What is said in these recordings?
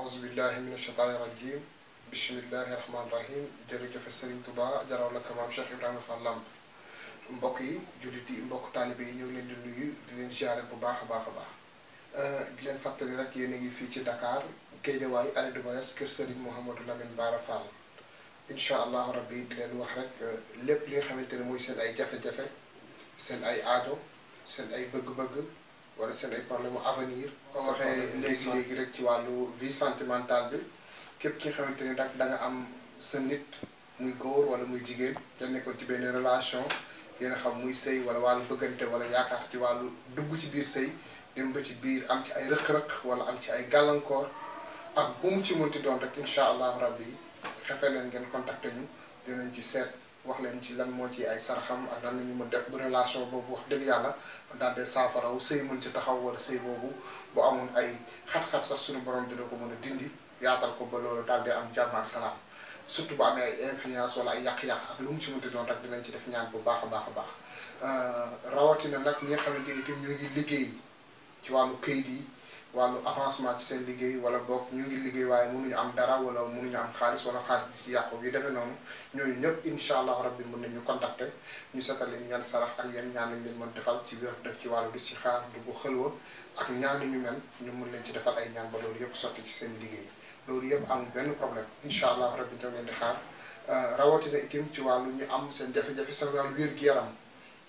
أعوذ بالله من الشيطان الرجيم بسم الله الرحمن الرحيم jërëjëf Serigne Touba jaraw la ko maam Cheikh Ibrahima Fall Lamp mbokk yi jullit yi mbokk taalibe yi ñoo leen di nuyu di leen ziare bu baax a baax a baax di leen fàttali rek yéen a ngi fii ci Dakar Guédiawaye allée du Balès kër Serigne Mouhamadou Lamine Bara Fall incha allahu rabbi di leen wax rek lépp li nga xamante ne mooy seen ay jafe-jafe seen ay aajo seen ay bëgg-bëgg wala seen ay problème mu avenir. soo xee léegi léegi rek ci wàllu vie sentimentale bi képp ki xamante ni nag da am sa nit muy góor wala muy jigéen nga nekkoon ci benn relation yéen a xam muy sëy wala wàllu bëggante wala yaakaar ci wàllu dugg ci biir sëy dem ba ci biir am ci ay rëq-rëq wala am ci ay gàllankoor ak bu mu ci mënti doon rek incha allahu rabbi xefe leen ngeen contacté ñu dinañ ci seet. wax leen ci lan moo ci ay saraxam ak lan la ñu mën def bu relation boobu wax dëgg yàlla daal de saafaraw sëy mën ci taxaw wala sëy boobu bu amoon ay xat-xat sax suñu borom dina ko mën a dindi yaatal ko ba loolu daal de am jàmm ak salaam surtout bu amee ay influence wala ay yàq-yàq ak lu mu ci mënti doon rek dinañ ci def ñaan bu baax a baax a baax euh, rawatina nag ñi nga xamante ni itam ñoo ngi liggéey ci wàllu këyit yi. wàllu avancement ci seen liggéey wala boog ñu ngi liggéey waaye ñu am dara wala mënuñu am xaalis wala xaalis ci yàqu yi demee noonu ñooñu ñëpp incha allah rabbi mën nañu contacter ñu seetal leen ñaan sarax ak yéen ñaan lañ leen mën defal ci wér dëkk ci wàllu istixaar dugg xëlwa ak ñaan ñu mel ñu mën leen ci defal ay ñaan ba loolu yëpp sotti ci seen liggéey loolu yëpp amul benn problème incha allah rabbi ñoo leen di xaar euh, rawatina itam ci wàllu ñu am seen jafe-jafe seen wàllu wér-gu-yaram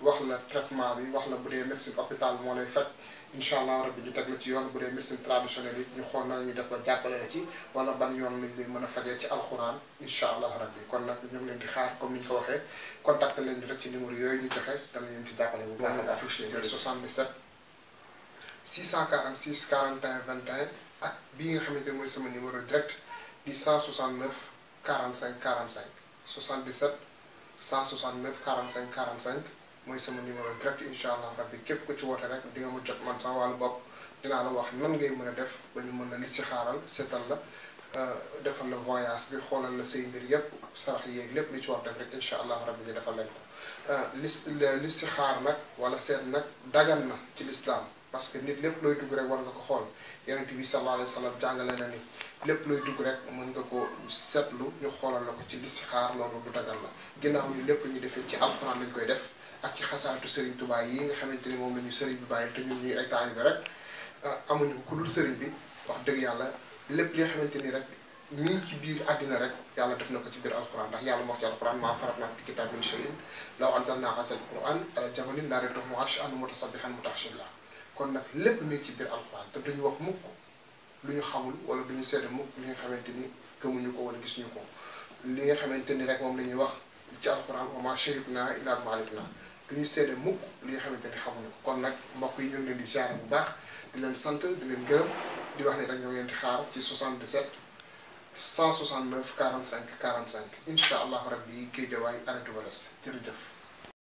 wax la traitement bi wax la bu dee médecine hôpital moo lay faj incha allah rabbi ñu teg la ci yoon bu dee médecine traditionnelle yi ñu xool na la ñuy def ba jàppale la ci wala ban yoon lañ lay mën a fajee ci alxuraan incha allah rabbi kon nag ñu ngi leen di xaar comme ni ñu ko waxee contacté leen rek ci numéro yooyu ñu joxe dana leen ci jàppale bu baax a affiché 77 646 41 21 ak bii nga xamante ne mooy sama numéro direct di 169 45 45 77 169 45 45 mooy sama numéro direct incha allah rabbi képp ku ci woote rek di nga ma jot man sama wàllu bopp dinaa la wax nan ngay mën a def ba ñu mën a li si xaaral seetal la euh, defal la voyage bi xoolal la say mbir yépp sarax yéeg lépp li ci war rek incha allah rab ñu defal leen ko euh, lis si xaar nag wala seet nag dagan na ci lislaam parce que nit lépp loy dugg rek war nga ko xol yaronte bi sallallahu alayhi wasallam jàngale na ni lépp loy dugg rek mën nga ko setlu ñu xolal la ko ci istikhar lolu du dagal la ginaaw ñu lépp ñu defee ci alxuraan lañ koy def ak ci xasaatu Serigne Touba yi nga xamanteni mom lañu Serigne bi baye te ñun ñuy ay taalibe rek amuñu ku dul Serigne bi wax deug yàlla lépp li xamanteni rek ñu ci biir adina rek yàlla def na ko ci biir alxuraan ndax yàlla mo ci ma farat na fi kitaab min shay'in law anzalnaa haazal qur'aan jamalin jabalin laaradaytuhu 'aashi'an mutasabbihan mutahshilan kon nak lépp ne ci biir alxuraan te duñu wax mukk luñu xamul wala duñu seede mukk li nga xamanteni gëmuñu ko wala gisuñu ko li nga xamanteni rek mom lañuy wax ci alxuraan wa ma shahidnaa ila bimaa duñu seede mukk li nga xamanteni xamuñu ko kon nak mbokk yi ñu ngi leen di ziar bu baax di leen sant di leen gërëm di wax ni rek ñoo ngi xaar ci 77 169 45 45 incha allah rabbi Guédiawaye arrêté walas jërëjëf